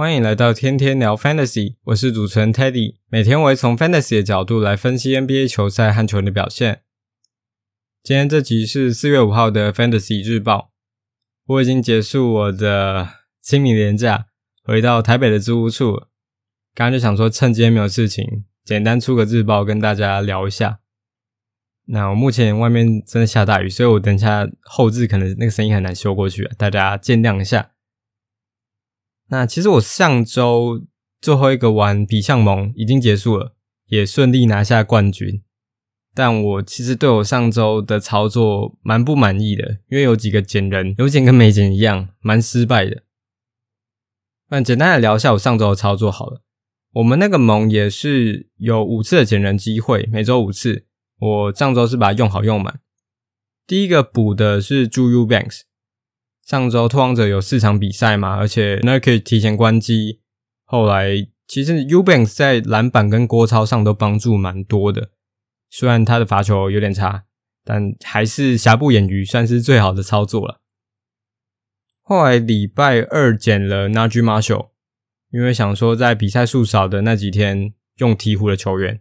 歡迎來到天天聊 Fantasy，我是主持人 Teddy。每天我會從 Fantasy 的角度來分析 NBA 球賽和球員的表現。今天這集是四月五號的 Fantasy 日報。我已經結束我的清明連假，回到台北的租屋處了。剛剛就想說，趁今天沒有事情，簡單出個日報跟大家聊一下。那我目前外面真的下大雨，所以我等一下後製可能那個聲音很難修過去，大家見諒一下。那其實我上週最後一個玩比項盟已經結束了，也順利拿下冠軍。但我其實對我上週的操作蠻不滿意的，因為有幾個撿人有撿跟沒撿一樣，蠻失敗的。那簡單的聊一下我上週的操作好了。我們那個盟也是有五次的撿人機會，每週五次。我上週是把它用好用滿。第一個補的是朱 u banks。上周拓荒者有四場比賽嘛，而且那可以提前關機。後來其實 u b a n 在籃板跟郭超上都幫助蠻多的，雖然他的罰球有點差，但還是瑕不掩瑜，算是最好的操作了。後來禮拜二撿了 n a g i m a s h o 因為想說在比賽數少的那幾天用鹈鶘的球員。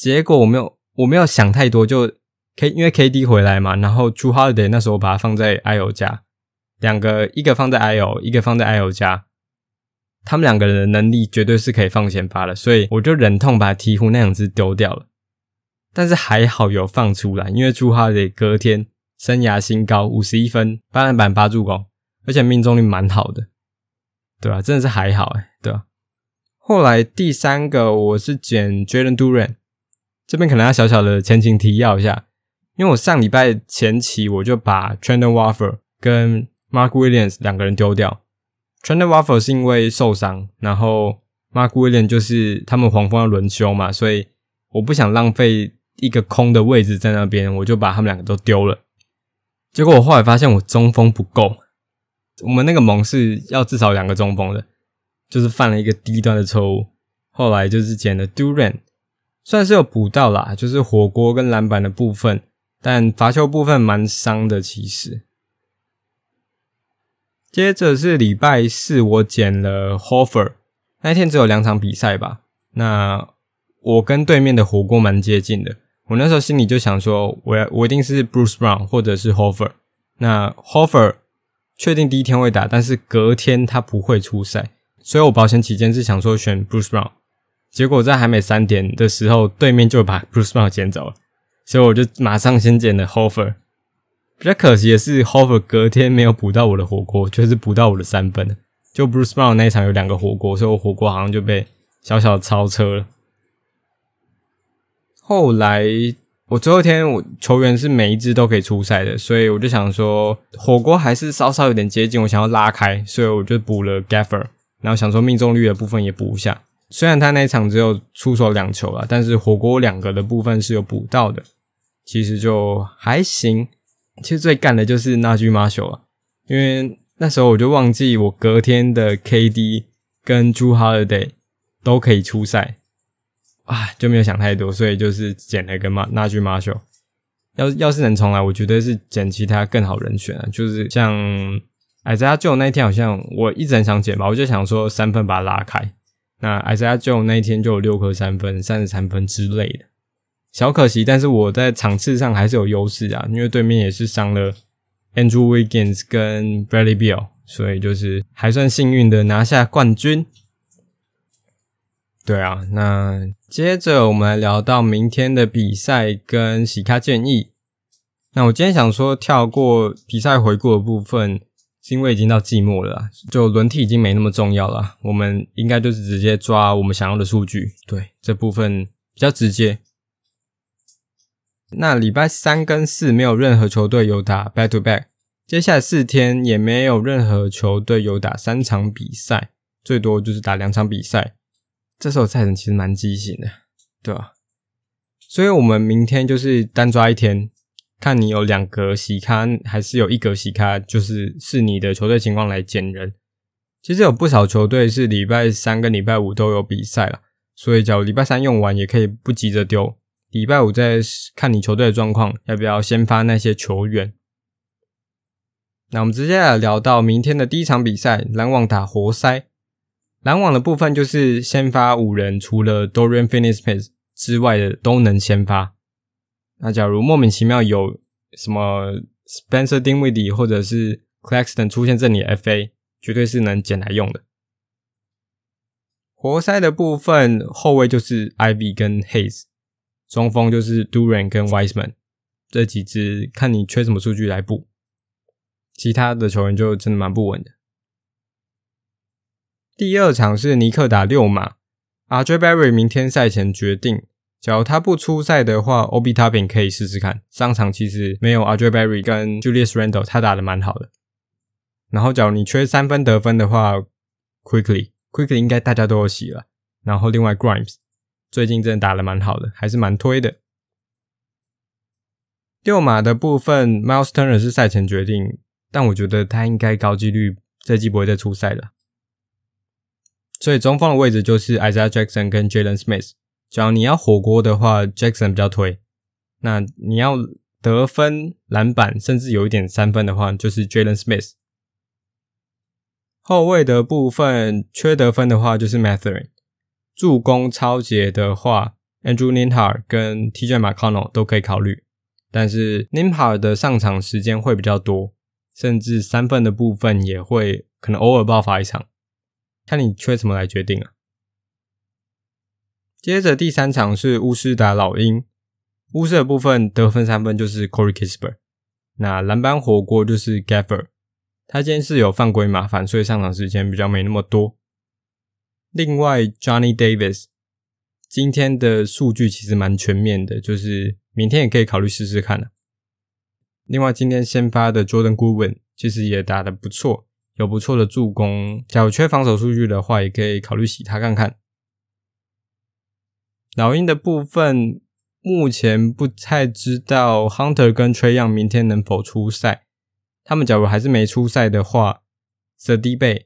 結果我沒有我沒有想太多，就 K 因為 KD 回來嘛，然後出哈 o 那時候我把他放在 i o 家。兩個，一個放在 IL，一個放在 IL+，他們兩個人的能力絕對是可以放前八的，所以我就忍痛把鵜鶘那兩隻丟掉了。但是還好有放出來，因為朱哈德隔天生涯新高五十一分，八籃板八助攻，而且命中率蠻好的，對啊，真的是還好哎、欸，對啊。後來第三個我是撿 Jalen Duren，這邊可能要小小的前情提要一下，因為我上禮拜前期我就把 Trendon Watford 跟 Mark Williams 兩個人丟掉，Trendon Watford 是因為受傷，然後 Mark Williams 就是他們黃蜂要輪休嘛，所以我不想浪費一個空的位置在那邊，我就把他們兩個都丟了。結果我後來發現我中鋒不夠，我們那個盟是要至少兩個中鋒的，就是犯了一個低端的錯誤。後來就是撿了 Duren。雖然是有補到啦，就是火鍋跟籃板的部分，但罰球部分蠻傷的，其實。接着是禮拜四，我撿了 Hofer，那一天只有兩場比賽吧。那我跟對面的火鍋蠻接近的，我那時候心裡就想說我，我要我一定是 Bruce Brown 或者是 Hofer。那 Hofer 確定第一天會打，但是隔天他不會出賽，所以我保險起見是想說選 Bruce Brown。結果在還沒三點的時候，對面就把 Bruce Brown 撿走了，所以我就馬上先撿了 Hofer。比較可惜的是，Hofer 隔天沒有補到我的火鍋，就是補到我的三分。就 Bruce Brown 那一場有兩個火鍋，所以我火鍋好像就被小小的超車了。後來我最後一天，我球員是每一支都可以出賽的，所以我就想說火鍋還是稍稍有點接近，我想要拉開，所以我就補了 Gaffer，然後想說命中率的部分也補一下。雖然他那一場只有出手兩球啦，但是火鍋兩個的部分是有補到的，其實就還行。其實最幹的就是那句馬修了，因為那時候我就忘記我隔天的 KD 跟朱 l i day 都可以出賽，啊就沒有想太多，所以就是撿了一個馬那句馬修。要要是能重來，我覺得是撿其他更好人選，啊，就是像艾斯阿舅那一天，好像我一直很想撿嘛，我就想說三分把它拉開。那艾斯阿舅那一天就有六顆三分、三十三分之類的。小可惜，但是我在場次上還是有優勢啊，因為對面也是傷了 Andrew Wiggins 跟 Bradley Bill，所以就是還算幸運的拿下冠軍。對啊，那接着我們來聊到明天的比賽跟洗咖建議。那我今天想說跳過比賽回顧的部分，是因為已經到季末了啦，就輪替已經沒那麼重要了。我們應該就是直接抓我們想要的數據，對，這部分比較直接。那禮拜三跟四沒有任何球隊有打 back to back，接下來四天也沒有任何球隊有打三場比賽，最多就是打兩場比賽。這時候賽程其實蠻畸形的，對吧，啊？所以我們明天就是單抓一天，看你有兩格洗咖還是有一格洗咖，就是是你的球隊情況來撿人。其實有不少球隊是禮拜三跟禮拜五都有比賽了，所以只要禮拜三用完也可以不急着丟。禮拜五在看你球隊的狀況，要不要先發那些球員？那我們直接來聊到明天的第一場比賽，籃網打活塞。籃網的部分就是先發五人，除了 Dorian Finney-Smith 之外的都能先發。那假如莫名其妙有什麼 Spencer Dinwiddie 或者是 Claxton 出現這裡的 FA，絕對是能撿來用的。活塞的部分後衛就是 Ivey 跟 Haze。中鋒就是 Duren 跟 Wiseman 這幾支，看你缺什麼數據來補。其他的球員就真的蠻不穩的。第二場是尼克打六馬 RJ Barrett 明天賽前決定，假如他不出賽的話，Obi Toppin 可以試試看。上場其實沒有 RJ Barrett 跟 Julius Randle，他打得蠻好的。然後假如你缺三分得分的話，Quickley Quickley 應該大家都有洗了。然後另外 Grimes 最近真的打得蠻好的，還是蠻推的。溜馬的部分 Myles Turner 是賽前決定，但我覺得他應該高幾率這季不會再出賽了。所以中鋒的位置就是 Isaiah Jackson 跟 Jalen Smith。只要你要火鍋的話，Jackson 比較推；那你要得分、籃板，甚至有一點三分的話，就是 Jalen Smith。後衛的部分缺得分的話，就是 Mathurin 助攻抄截的話，Andrew Nembhard 跟 TJ McConnell 都可以考慮，但是 Nembhard 的上場時間會比較多，甚至三分的部分也會可能偶爾爆發一場，看你缺什麼來決定啊。接着第三場是巫師打老鷹，巫師的部分得分三分就是 Corey Kispert，那籃板火鍋就是 Gafford，他今天是有犯規麻煩，所以上場時間比較沒那麼多。另外，Johnny Davis，今天的數據其實蠻全面的，就是明天也可以考慮試試看。另外，今天先發的 Jordan Goodwin 其實也打得不錯，有不錯的助攻。假如缺防守數據的話，也可以考慮洗他看看。老鷹的部分，目前不太知道 Hunter 跟 Trae Young 明天能否出賽。他們假如還是沒出賽的話，Saddiq Bey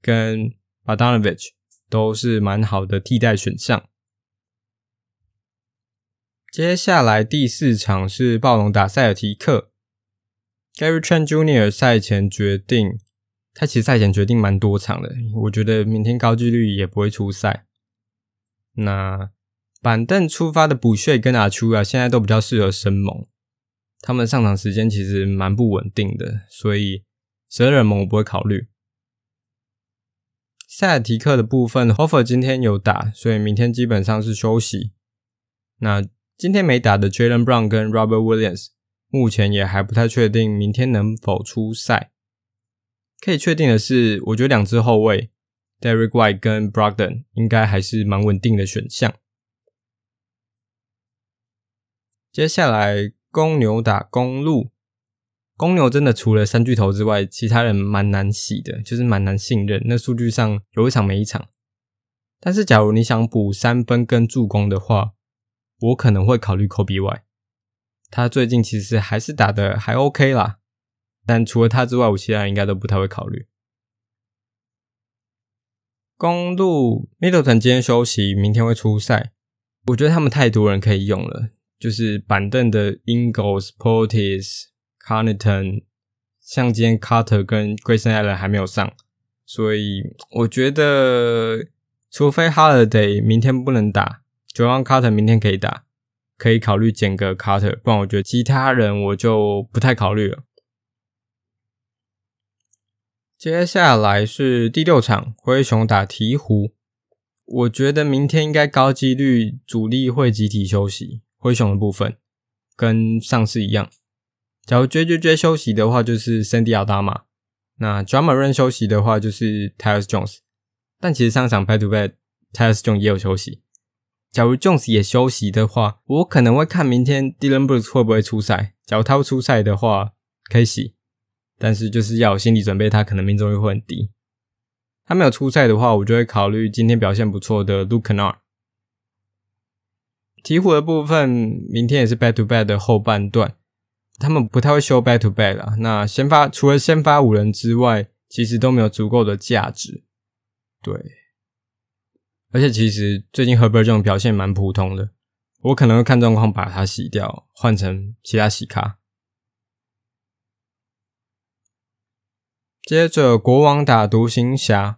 跟 Bogdanovic，都是蠻好的替代選項。接下來第四場是暴龍打塞爾提克，Gary Trent Jr. 賽前決定，他其實賽前決定蠻多場的。我覺得明天高幾率也不會出賽。那板凳出發的 Boucher、er、跟 Achiuwa，現在都比較適合深盟，他們上場時間其實蠻不穩定的，所以12人盟我不會考慮。塞爾提克的部分，Horford 今天有打，所以明天基本上是休息。那今天沒打的 Jaylen Brown 跟 Robert Williams，目前也還不太確定明天能否出賽。可以確定的是，我覺得兩支後衛 Derrick White 跟 Brogdon 應該還是蠻穩定的選項。接下來，公牛打公鹿。公牛真的除了三巨頭之外，其他人蠻難洗的，就是蠻難信任。那數據上有一場沒一場。但是，假如你想補三分跟助攻的話，我可能會考慮 Coby White。他最近其實是還是打的還 OK 啦。但除了他之外，我其他人應該都不太會考慮。公鹿 Middleton 今天休息，明天會出賽。我覺得他們太多人可以用了，就是板凳的 Ingles、Portis。Connaughton 像今天 Carter 跟 Grayson Allen 還沒有上，所以我覺得，除非 Holiday 明天不能打，就讓 Carter 明天可以打，可以考慮撿個 Carter，不然我覺得其他人我就不太考慮了。接下來是第六場，灰熊打鵜鶘，我覺得明天應該高幾率主力會集體休息，灰熊的部分跟上次一樣。假如 J.J.J 休息的話，就是 Cindy 達嘛。那 d r u m e r 休息的話，就是 Tyrus Jones。但其實上場 b a t to Bet Tyrus Jones 也有休息。假如 Jones 也休息的話，我可能會看明天 Dylan Brooks 會不會出賽。假如他會出賽的話，可以，洗，但是就是要有心理準備，他可能命中率會很低。他沒有出賽的話，我就會考慮今天表現不錯的 Luke Knar。鵜鶘的部分，明天也是 b a t to Bet 的後半段，他們不太會修 back to back 啦，那先發除了先發五人之外，其實都沒有足夠的價值。對，而且其實最近 Herbert 這種表現蠻普通的，我可能會看狀況把它洗掉，換成其他洗咖。接着國王打獨行俠，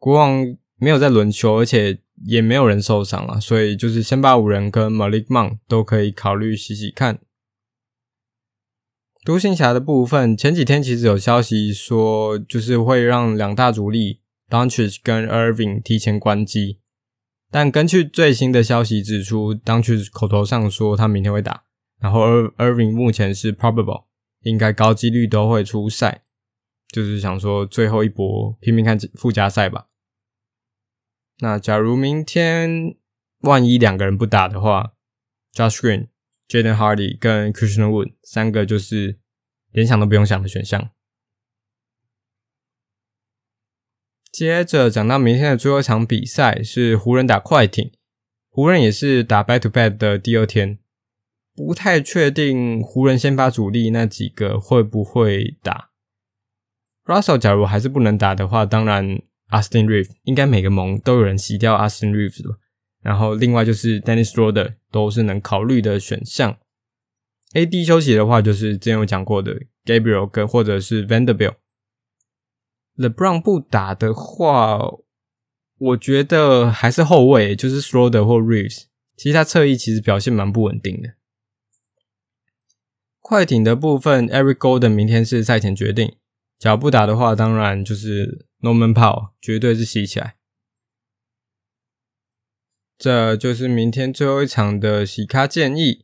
國王沒有在輪休，而且也沒有人受傷了，所以就是先發五人跟 Malik Monk 都可以考慮洗洗看。獨行俠的部分，前幾天其實有消息說，就是會讓兩大主力 Doncic 跟 Irving 提前關機。但根據最新的消息指出，Doncic 口頭上說他明天會打，然後 Irving 目前是 probable，應該高幾率都會出賽，就是想說最後一波拼命看附加賽吧。那假如明天萬一兩個人不打的話，Josh Green。Jaden Hardy 跟 Christian Wood 三個就是連想都不用想的選項。接着講到明天的最後一場比賽是湖人打快艇，湖人也是打 Back to Back 的第二天，不太確定湖人先發主力那幾個會不會打。Russell 假如還是不能打的話，當然 Austin Reeves 應該每個盟都有人洗掉 Austin Reeves 了。然後，另外就是 Dennis Schroeder 都是能考慮的選項。AD 休息的話，就是之前有講過的 Gabriel 跟或者是 Vanderbilt。LeBron 不打的話，我覺得還是後衛，就是 Schroeder 或 Reeves，其實他側翼其實表現蠻不穩定的。快艇的部分，Eric Golden 明天是賽前決定。假如不打的話，當然就是 Norman Powell，絕對是洗起來。這就是明天最後一場的洗咖建議。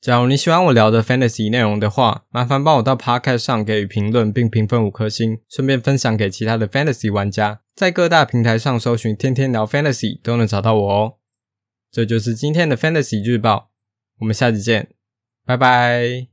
假如你喜歡我聊的 fantasy 內容的話，麻煩幫我到 Podcast 上給予評論並評分五顆星，順便分享給其他的 fantasy 玩家。在各大平台上搜尋“天天聊 fantasy” 都能找到我哦。這就是今天的 fantasy 日報，我們下期見，拜拜。